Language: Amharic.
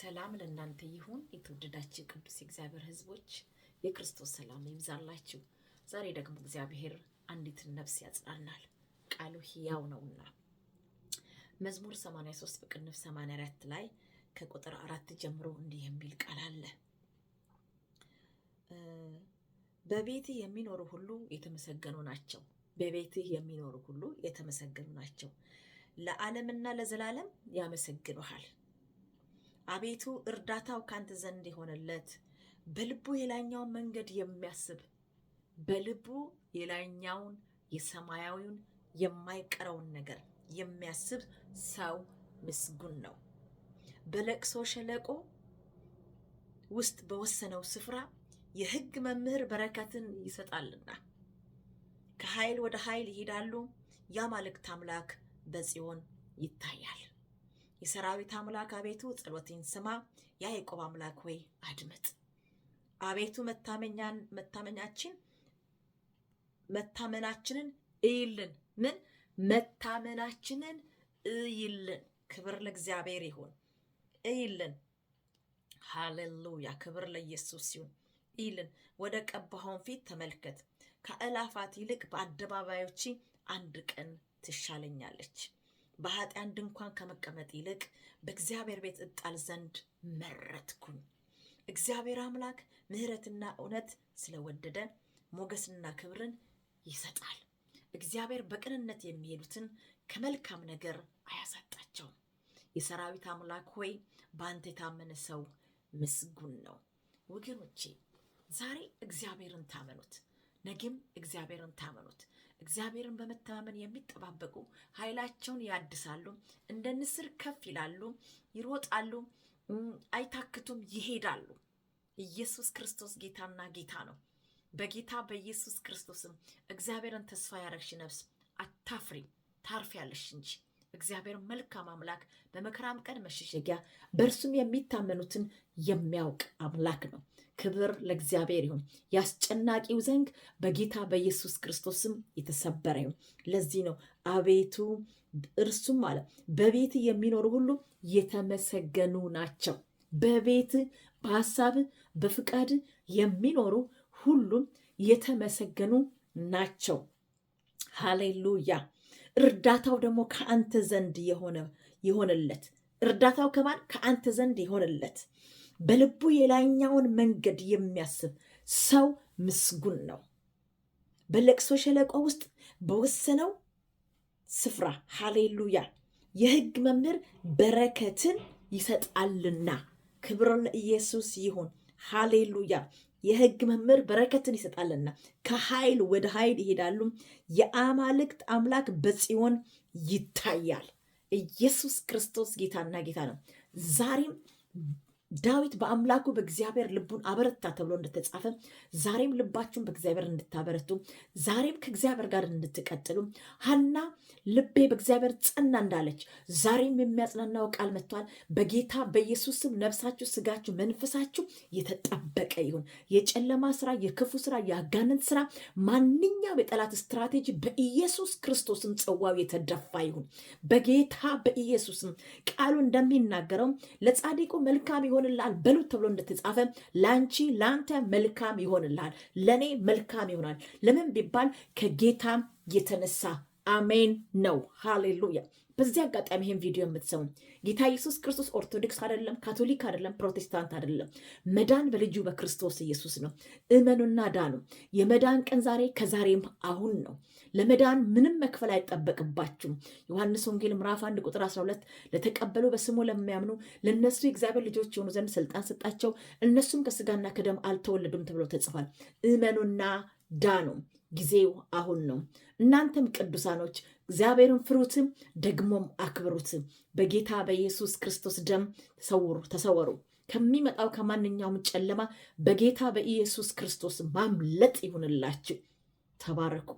ሰላም ለእናንተ ይሁን የተወደዳችሁ ቅዱስ የእግዚአብሔር ሕዝቦች የክርስቶስ ሰላም ይብዛላችሁ። ዛሬ ደግሞ እግዚአብሔር አንዲትን ነፍስ ያጽናናል፣ ቃሉ ሕያው ነውና መዝሙር 83 በቅንፍ 84 ላይ ከቁጥር አራት ጀምሮ እንዲህ የሚል ቃል አለ። በቤት የሚኖሩ ሁሉ የተመሰገኑ ናቸው። በቤትህ የሚኖሩ ሁሉ የተመሰገኑ ናቸው። ለዓለምና ለዘላለም ያመሰግኑሃል። አቤቱ እርዳታው ካንተ ዘንድ የሆነለት በልቡ የላይኛውን መንገድ የሚያስብ በልቡ የላይኛውን የሰማያዊውን የማይቀረውን ነገር የሚያስብ ሰው ምስጉን ነው። በለቅሶ ሸለቆ ውስጥ በወሰነው ስፍራ የሕግ መምህር በረከትን ይሰጣልና ከኃይል ወደ ኃይል ይሄዳሉ። የአማልክት አምላክ በጽዮን ይታያል። የሰራዊት አምላክ አቤቱ ጸሎቴን ስማ፣ የያዕቆብ አምላክ ሆይ አድምጥ። አቤቱ መታመኛን መታመኛችን መታመናችንን እይልን። ምን መታመናችንን እይልን። ክብር ለእግዚአብሔር ይሁን። እይልን። ሃሌሉያ! ክብር ለኢየሱስ ይሁን። እይልን። ወደ ቀባሁን ፊት ተመልከት። ከእላፋት ይልቅ በአደባባዮች አንድ ቀን ትሻለኛለች። በኃጢአን ድንኳን ከመቀመጥ ይልቅ በእግዚአብሔር ቤት እጣል ዘንድ መረትኩኝ እግዚአብሔር አምላክ ምሕረትና እውነት ስለወደደ ሞገስና ክብርን ይሰጣል። እግዚአብሔር በቅንነት የሚሄዱትን ከመልካም ነገር አያሳጣቸውም። የሰራዊት አምላክ ሆይ በአንተ የታመነ ሰው ምስጉን ነው። ወገኖቼ ዛሬ እግዚአብሔርን ታመኑት፣ ነገም እግዚአብሔርን ታመኑት። እግዚአብሔርን በመተማመን የሚጠባበቁ ኃይላቸውን ያድሳሉ፣ እንደ ንስር ከፍ ይላሉ፣ ይሮጣሉ፣ አይታክቱም፣ ይሄዳሉ። ኢየሱስ ክርስቶስ ጌታና ጌታ ነው። በጌታ በኢየሱስ ክርስቶስም እግዚአብሔርን ተስፋ ያረግሽ ነፍስ አታፍሪ፣ ታርፊያለሽ እንጂ እግዚአብሔር መልካም አምላክ፣ በመከራም ቀን መሸሸጊያ፣ በእርሱም የሚታመኑትን የሚያውቅ አምላክ ነው። ክብር ለእግዚአብሔር ይሁን። የአስጨናቂው ዘንግ በጌታ በኢየሱስ ክርስቶስም የተሰበረ ይሁን። ለዚህ ነው አቤቱ እርሱም አለ በቤት የሚኖሩ ሁሉ የተመሰገኑ ናቸው። በቤት በሀሳብ በፍቃድ የሚኖሩ ሁሉም የተመሰገኑ ናቸው። ሃሌሉያ። እርዳታው ደግሞ ከአንተ ዘንድ ይሆንለት። እርዳታው ከማን? ከአንተ ዘንድ ይሆንለት። በልቡ የላይኛውን መንገድ የሚያስብ ሰው ምስጉን ነው። በለቅሶ ሸለቆ ውስጥ በወሰነው ስፍራ ሃሌሉያ። የህግ መምህር በረከትን ይሰጣልና። ክብር ለኢየሱስ ይሁን። ሃሌሉያ የህግ መምህር በረከትን ይሰጣልና ከኃይል ወደ ኃይል ይሄዳሉ። የአማልክት አምላክ በጽዮን ይታያል። ኢየሱስ ክርስቶስ ጌታና ጌታ ነው ዛሬም ዳዊት በአምላኩ በእግዚአብሔር ልቡን አበረታ ተብሎ እንደተጻፈ ዛሬም ልባችሁን በእግዚአብሔር እንድታበረቱ ዛሬም ከእግዚአብሔር ጋር እንድትቀጥሉ ሀና ልቤ በእግዚአብሔር ጸና እንዳለች ዛሬም የሚያጽናናው ቃል መጥቷል። በጌታ በኢየሱስ ስም ነፍሳችሁ፣ ስጋችሁ፣ መንፈሳችሁ የተጠበቀ ይሁን። የጨለማ ስራ፣ የክፉ ስራ፣ የአጋንንት ስራ፣ ማንኛውም የጠላት ስትራቴጂ በኢየሱስ ክርስቶስም ጽዋው የተደፋ ይሁን በጌታ በኢየሱስም ቃሉ እንደሚናገረው ለጻድቁ መልካም ይሆን ይሆንልሃል በሉት ተብሎ እንደተጻፈ ለአንቺ ለአንተ መልካም ይሆንልሃል፣ ለእኔ መልካም ይሆናል። ለምን ቢባል ከጌታም የተነሳ አሜን ነው። ሃሌሉያ። በዚህ አጋጣሚ ይህን ቪዲዮ የምትሰሙ ጌታ ኢየሱስ ክርስቶስ ኦርቶዶክስ አይደለም፣ ካቶሊክ አይደለም፣ ፕሮቴስታንት አይደለም። መዳን በልጁ በክርስቶስ ኢየሱስ ነው። እመኑና ዳኑ። የመዳን ቀን ዛሬ ከዛሬም አሁን ነው። ለመዳን ምንም መክፈል አይጠበቅባችሁም። ዮሐንስ ወንጌል ምዕራፍ 1 ቁጥር 12 ለተቀበሉ በስሙ ለሚያምኑ ለእነሱ የእግዚአብሔር ልጆች የሆኑ ዘንድ ስልጣን ሰጣቸው፣ እነሱም ከስጋና ከደም አልተወለዱም ተብሎ ተጽፏል። እመኑና ዳኑ። ጊዜው አሁን ነው። እናንተም ቅዱሳኖች እግዚአብሔርን ፍሩትም፣ ደግሞም አክብሩት በጌታ በኢየሱስ ክርስቶስ ደም ተሰውሩ ተሰወሩ ከሚመጣው ከማንኛውም ጨለማ በጌታ በኢየሱስ ክርስቶስ ማምለጥ ይሁንላችሁ። ተባረኩ።